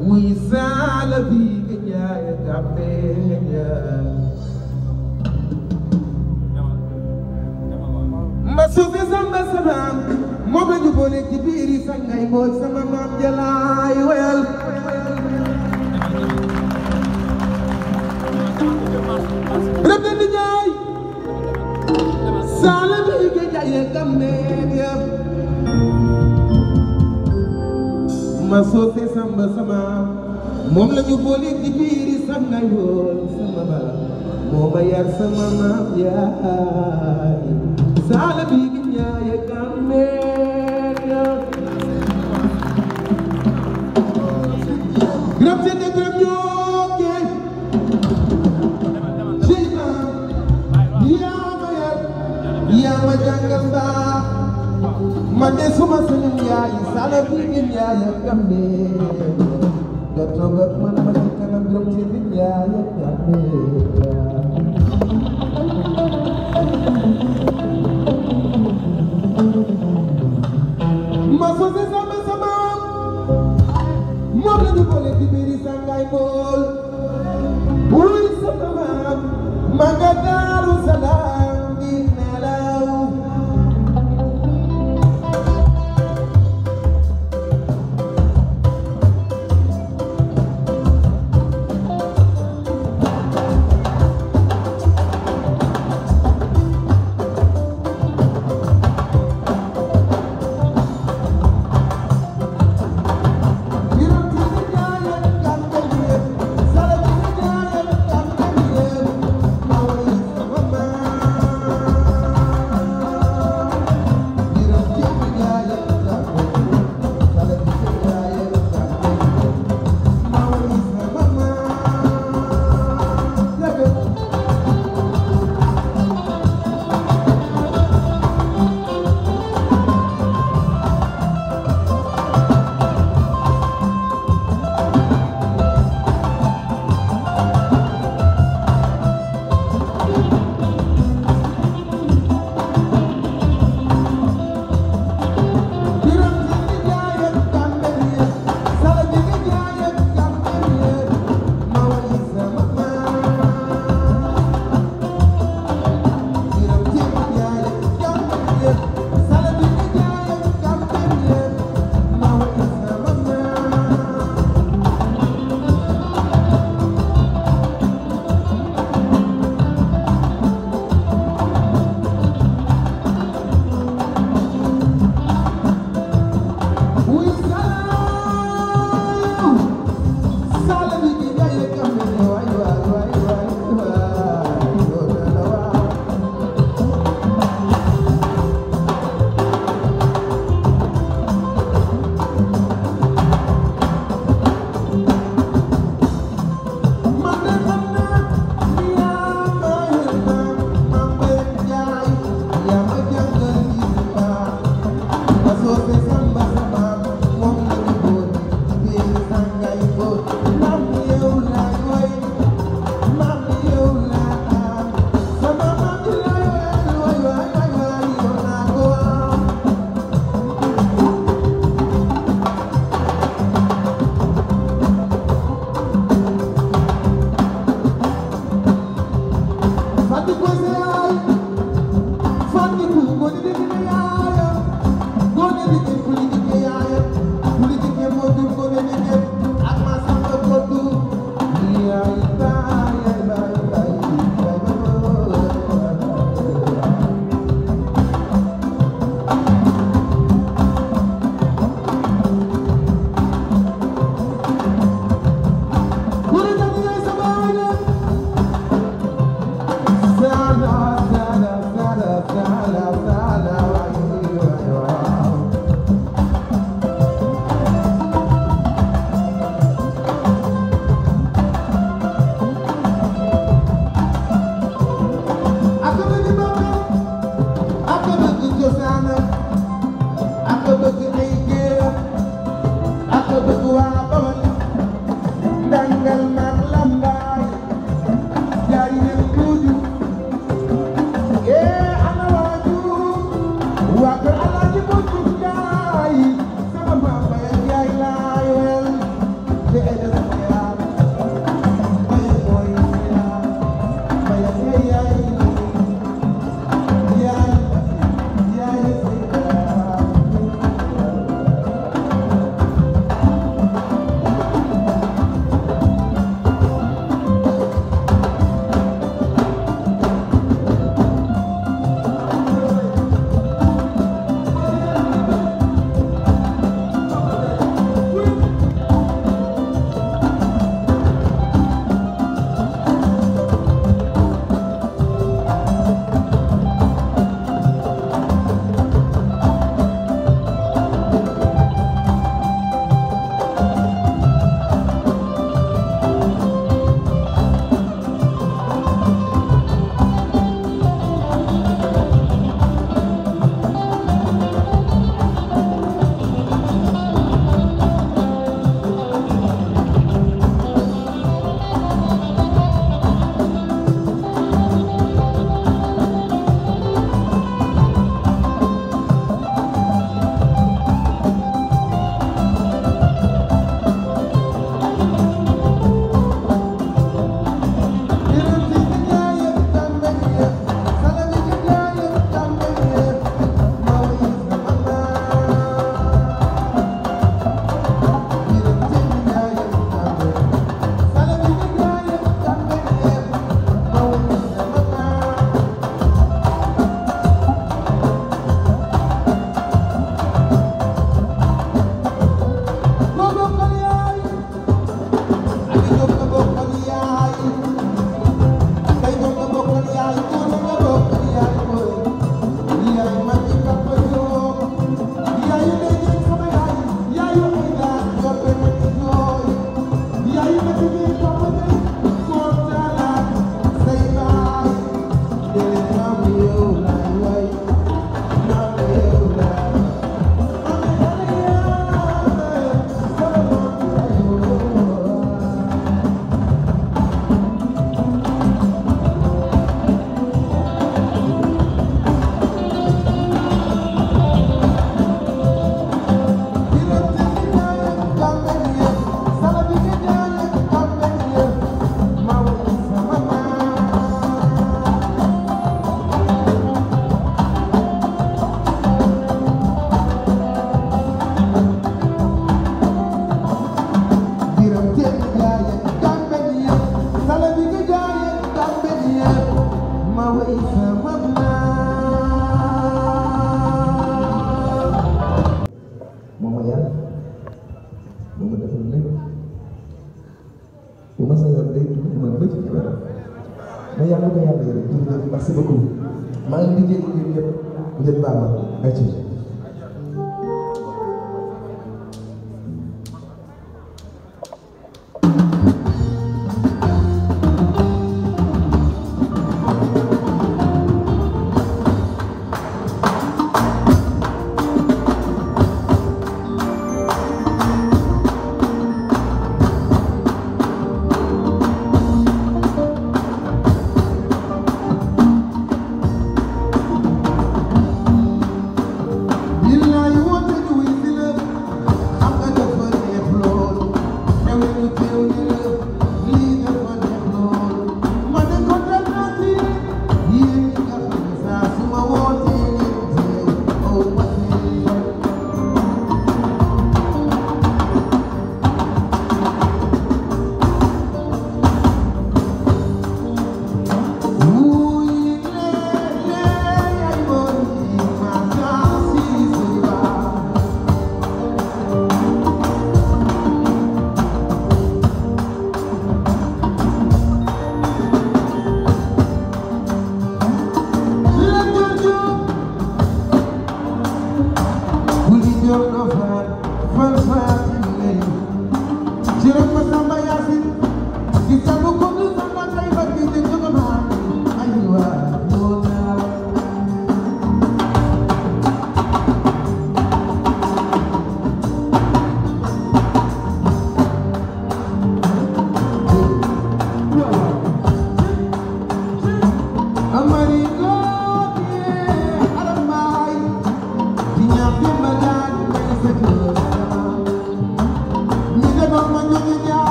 ويزعل بيك يا تعبان ma suufi samba samaam moom la ñu ci biiri sangay moo sama maam jalaay wayal rëbb di jaay saala bi ga jaay gam neen yëpp ma soose samba sama moom la ñu booleeg di biiri sanga yool sama bala moo ma yar sama maam yaay saala bi gi ñaaye gambeeya gram sende gram jooke seyna yaa ma yar yaa ma jàngal mbaa man de suma sëriñ yaay salafi ngeen yaayam gambe nga toog ak man ma ci kanam gërëm ci nit yaayam gambe Magadha Rusala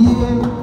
yéen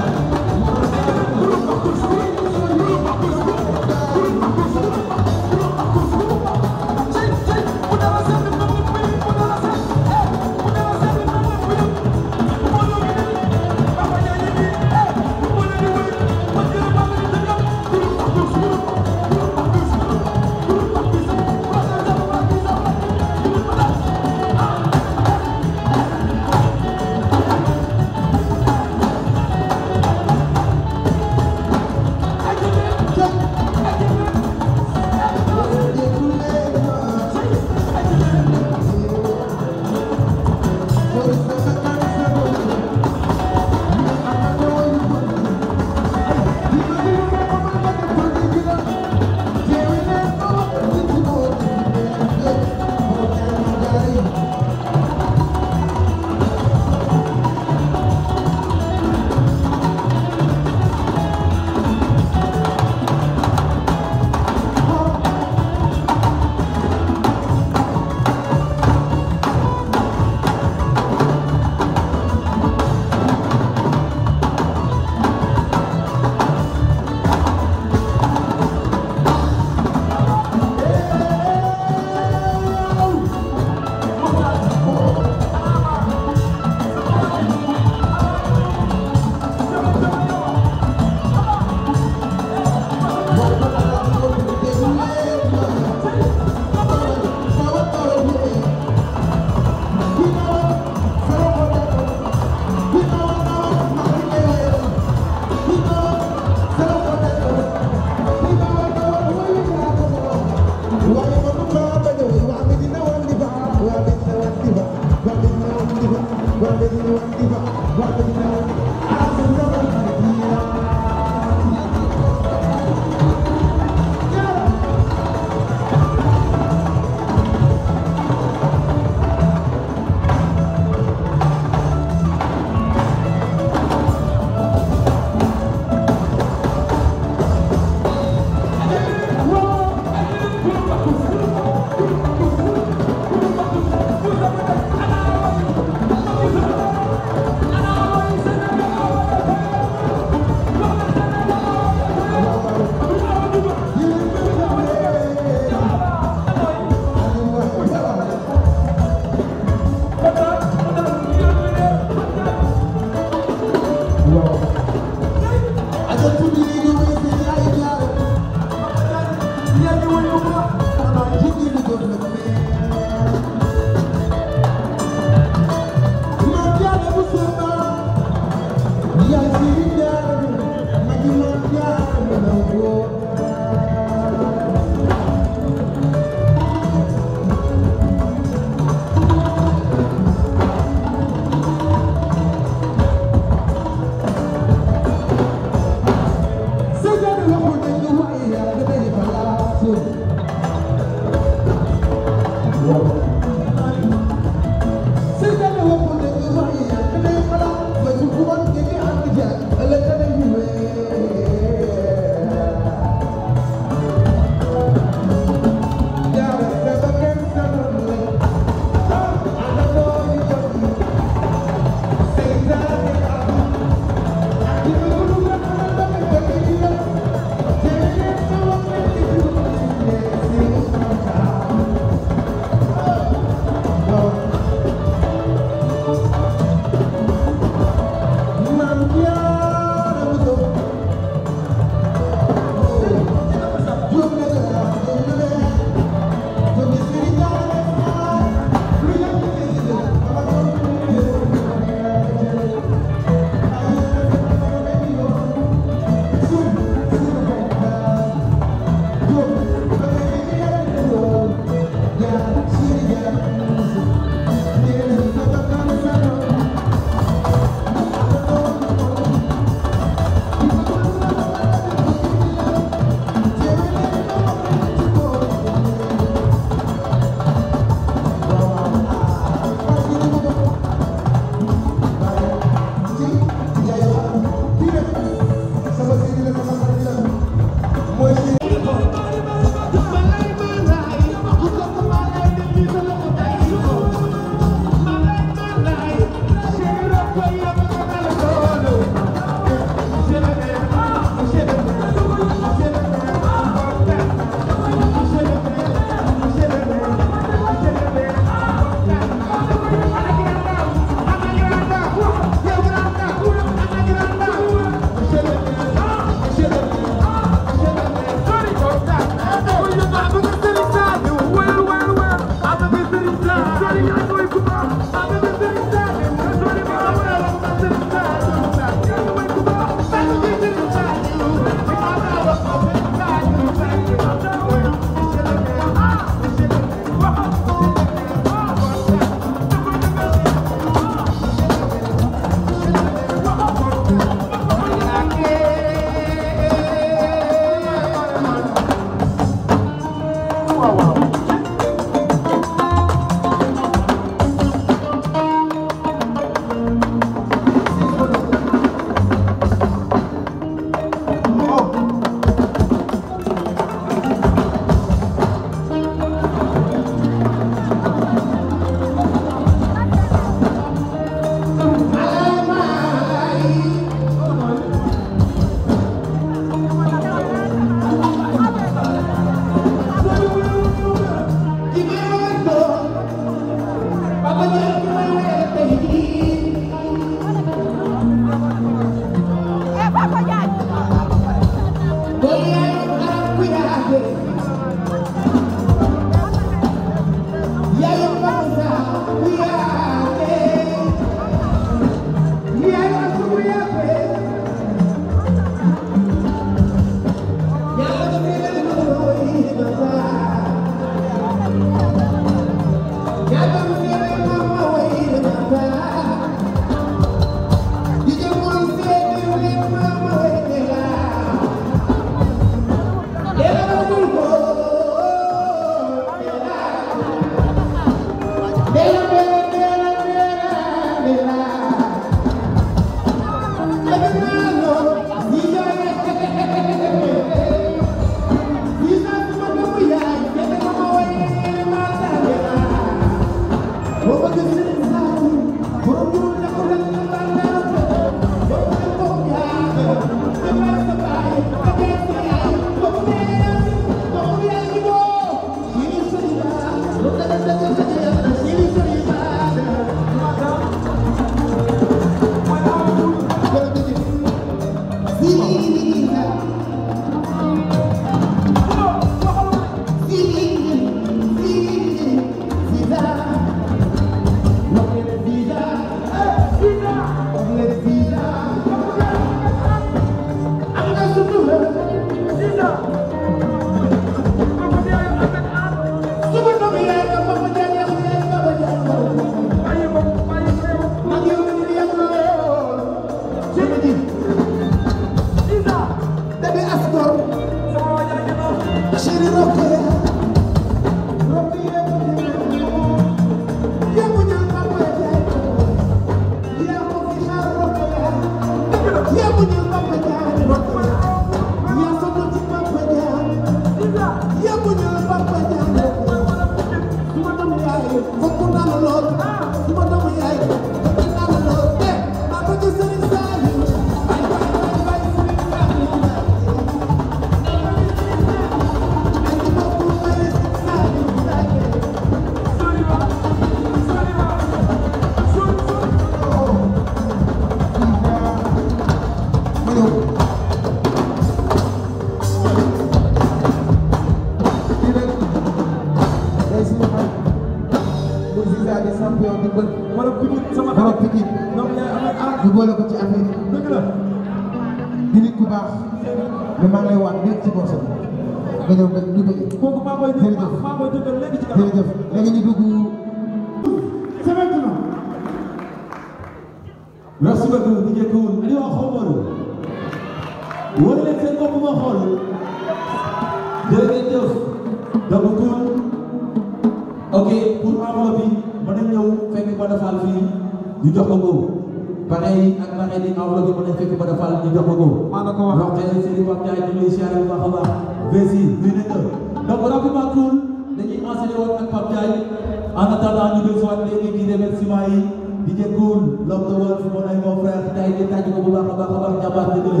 baax dëgg la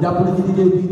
jàpp na ci liggéey bi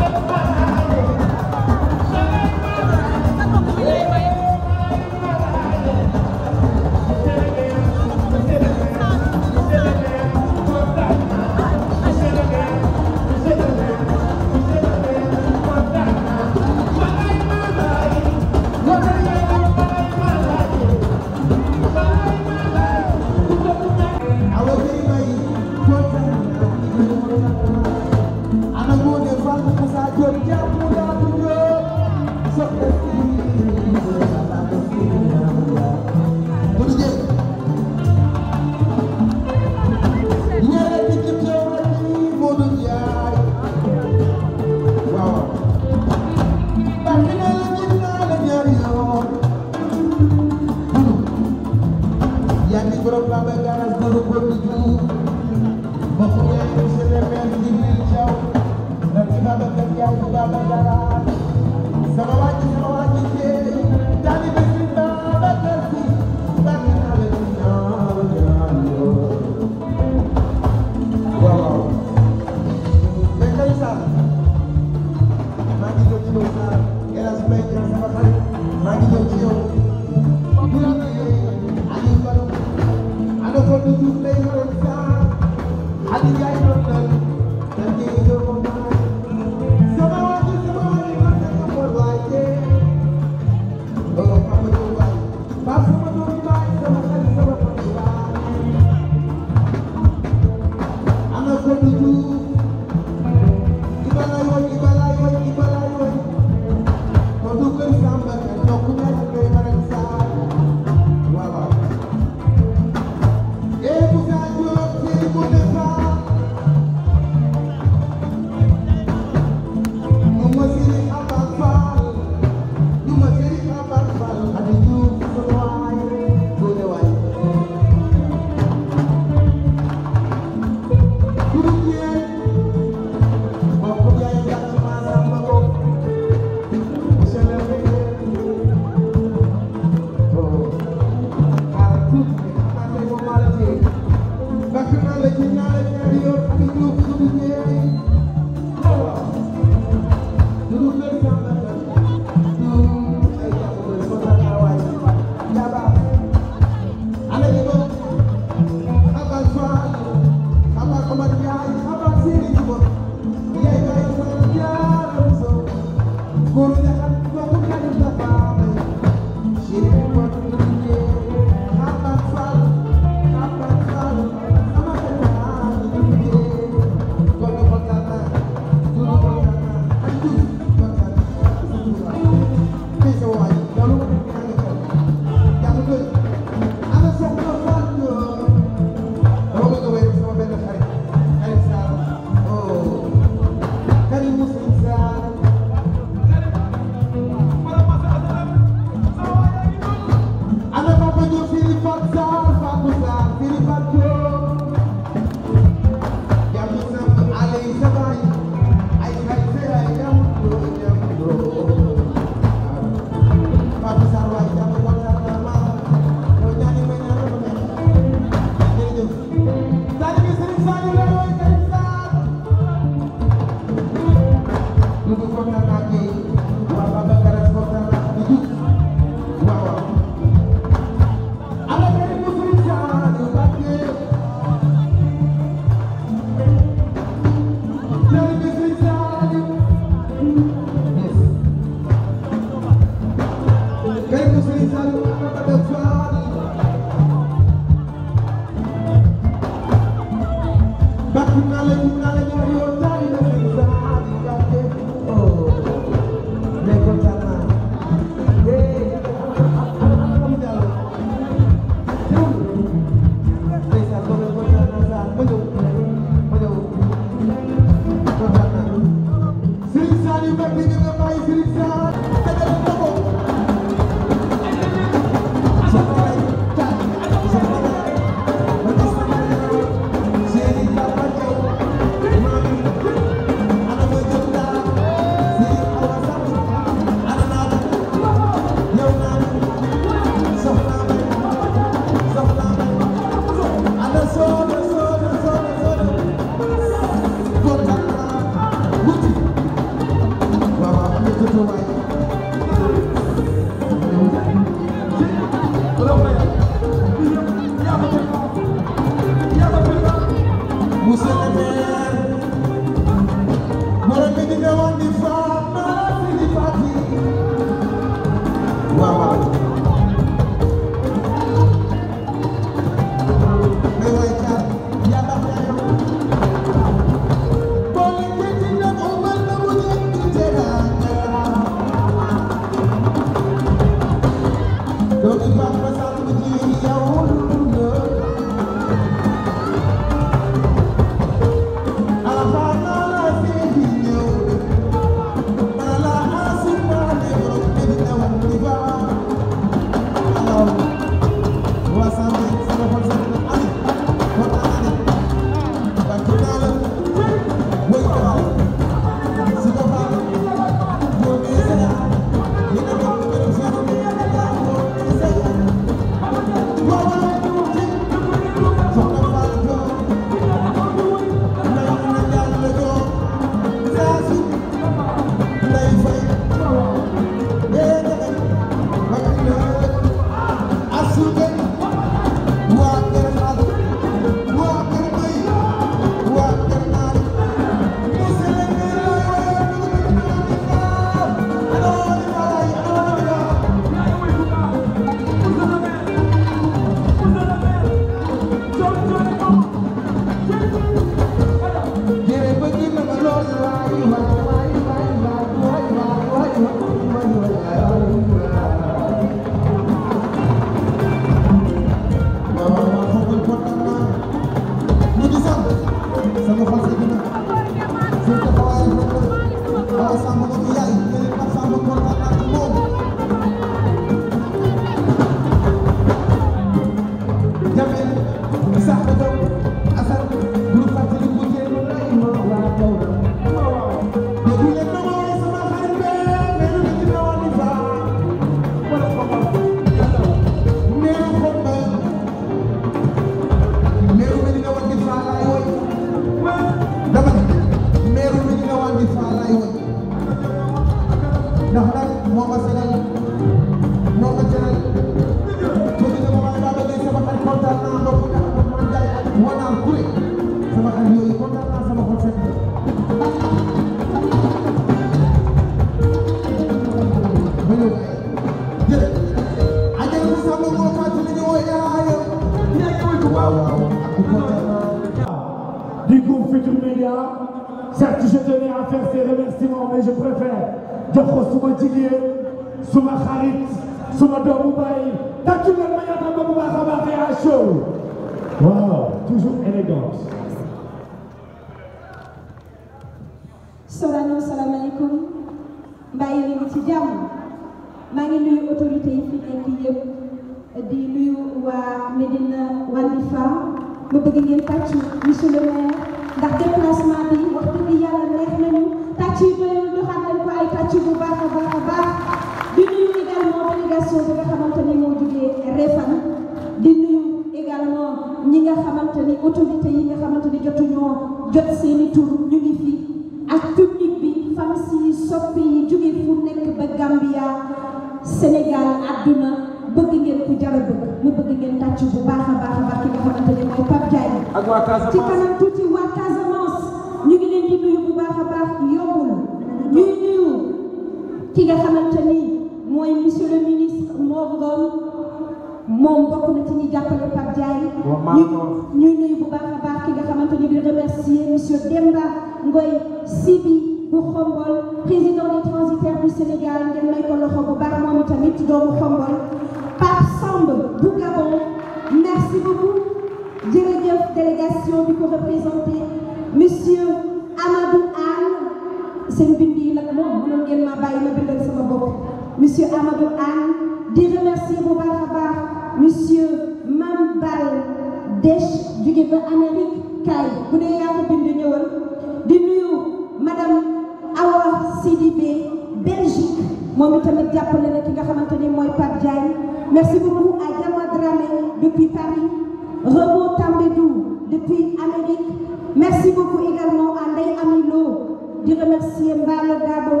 di remercier Mballo Dabo,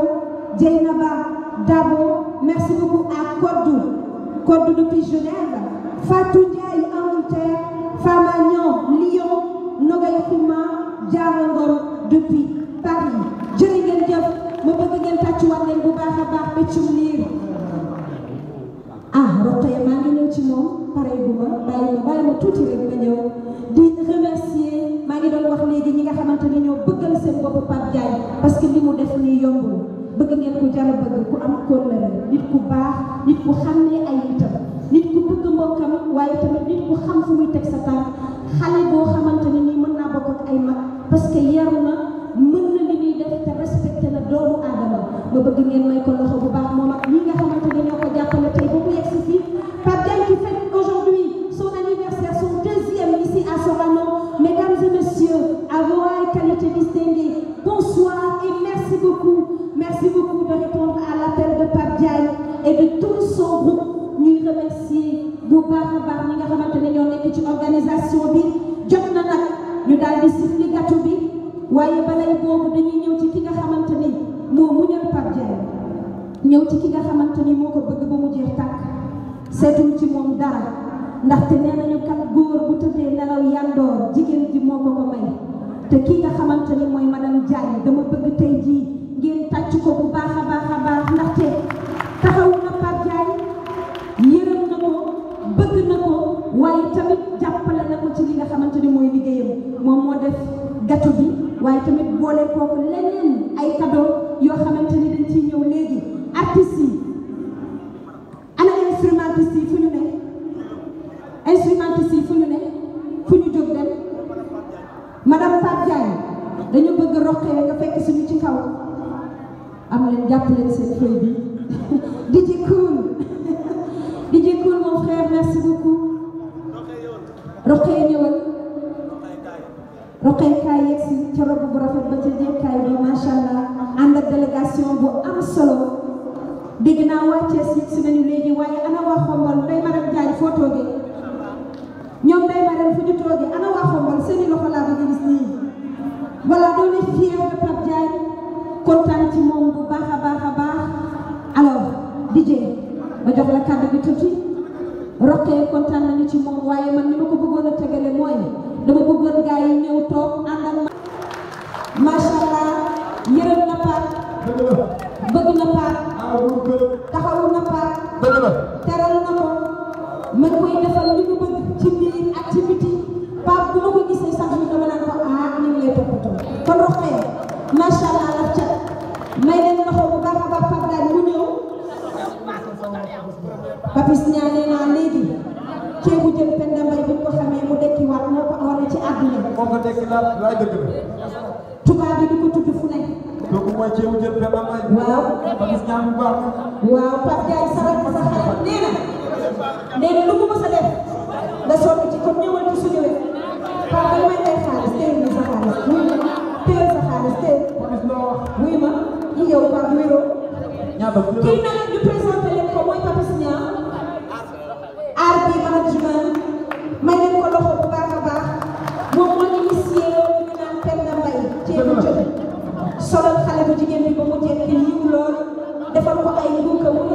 Dieynaba Dabo, merci beaucoup à Kodou, Kodou depuis Genève, Fatou Ndiaye the state. wuy ma ñu yow Pape Wiro. kii nag ñu présenté leen ko mooy Papis Niang. aar bi management. may leen ko loxo bu baax a baax. moom moo initié ñu naan Penda Mbaye. jéem a jot solal xale bu jigéen bi ba mu jekk yiw lool defal ko ay nguur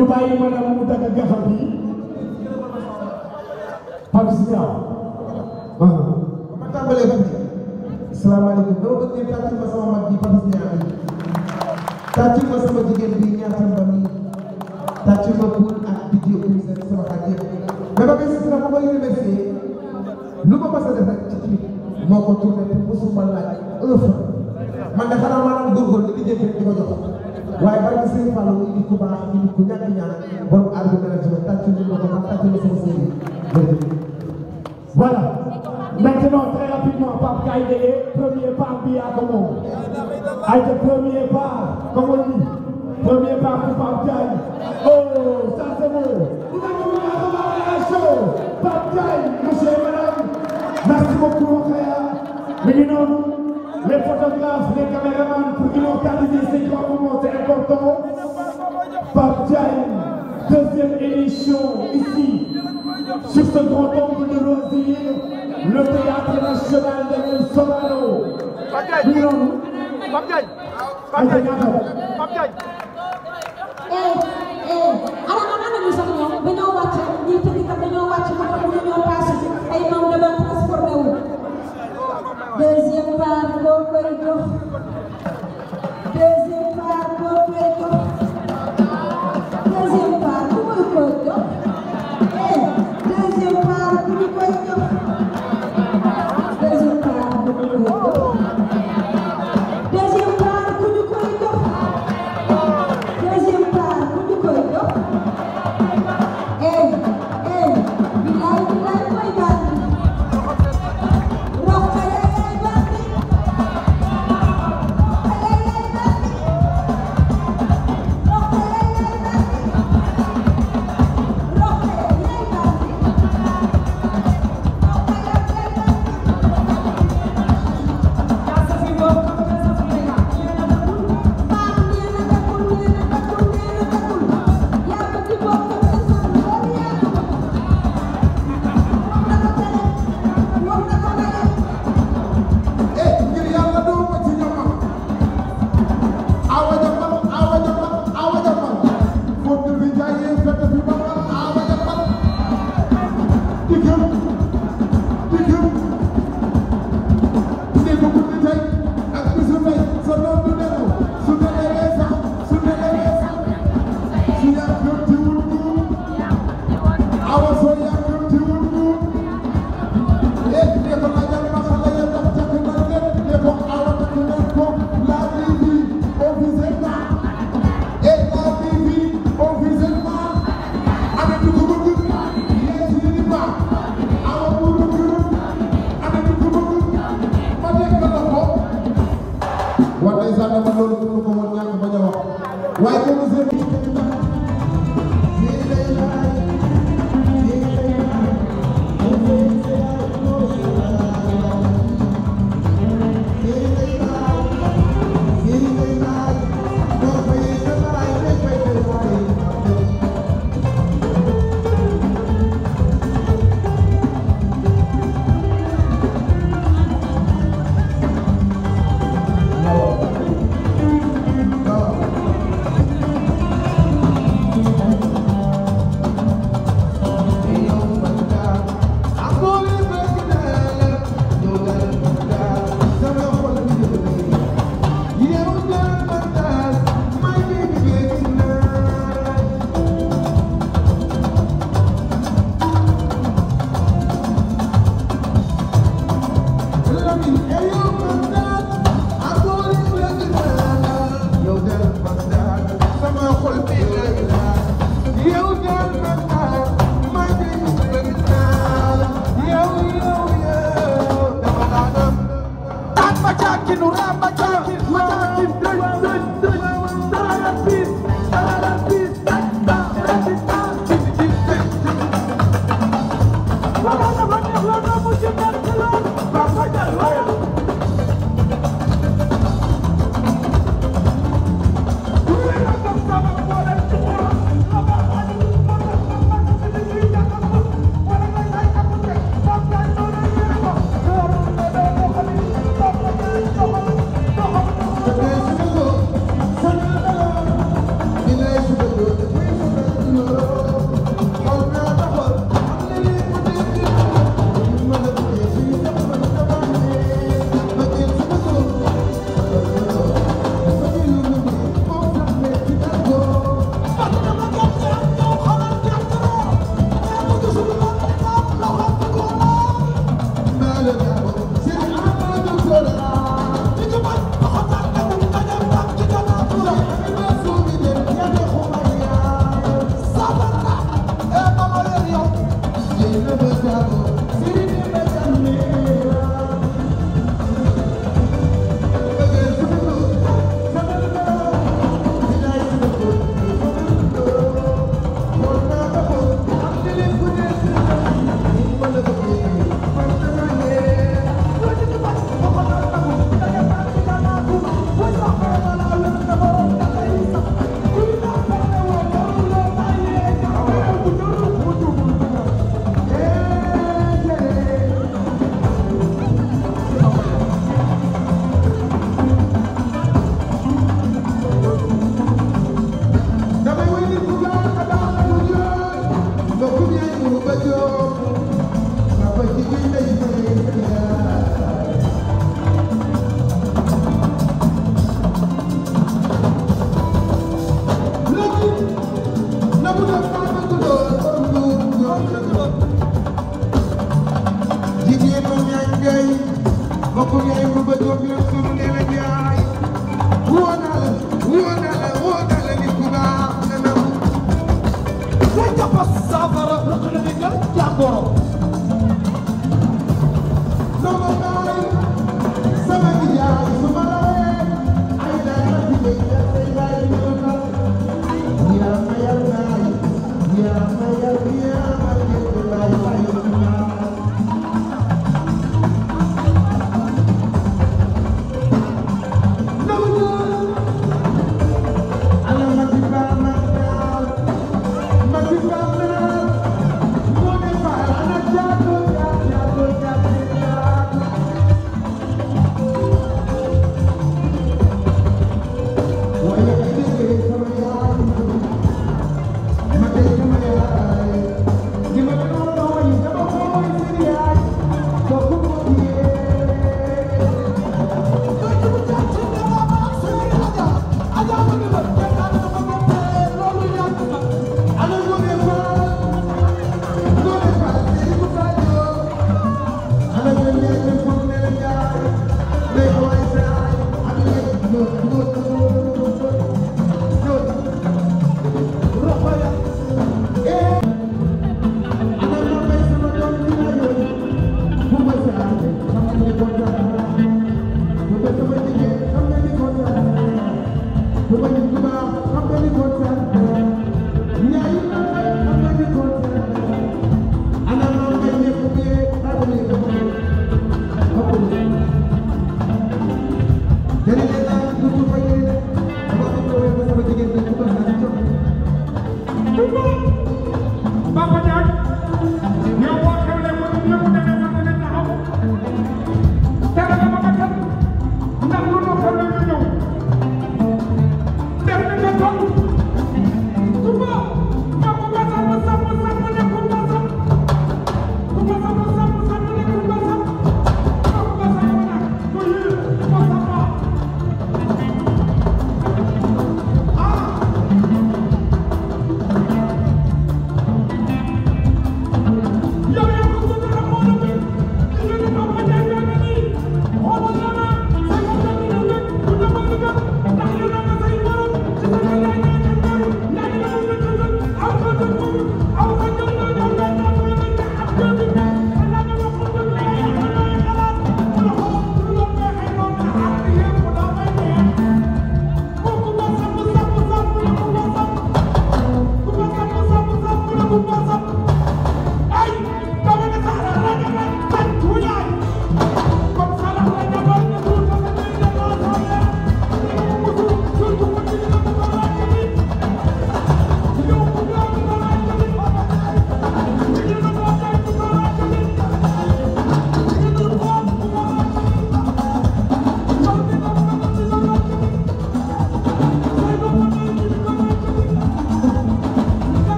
ñu bàyyi maanaam mu dagg gafar bi Pape Sidiou waaw. Ah. waaw ma tàmbalee ba fii. salaamaaleykum dama bëgg ngeen tàccul ma sama mag bi Pape Sidiou tàccul ma sama jigéen bi ñaata ba mi tàccul ma buur ak bidiyo bi seen sama xarit yëpp. mais ba gis si ma koy remercier lu ma mës a def rek ci kii moo ko tourné te mosuma laaj un franc man de xanaa maanaam góorgóorlu di jënd di ko bi yaa ko moom ay ca premier pas comme on dit premier pas pour Pape Diagne oh ça c'est bon nous avons eu un mariage chaud Pape Diagne monsieur et madame merci beaucoup Rokhaya mi ngi noonu les photographes les caméramans pour immortaliser ces grands moments c'est important Pape Diagne deuxième édition ici sur ce grand Pape Diagne Pape Diagne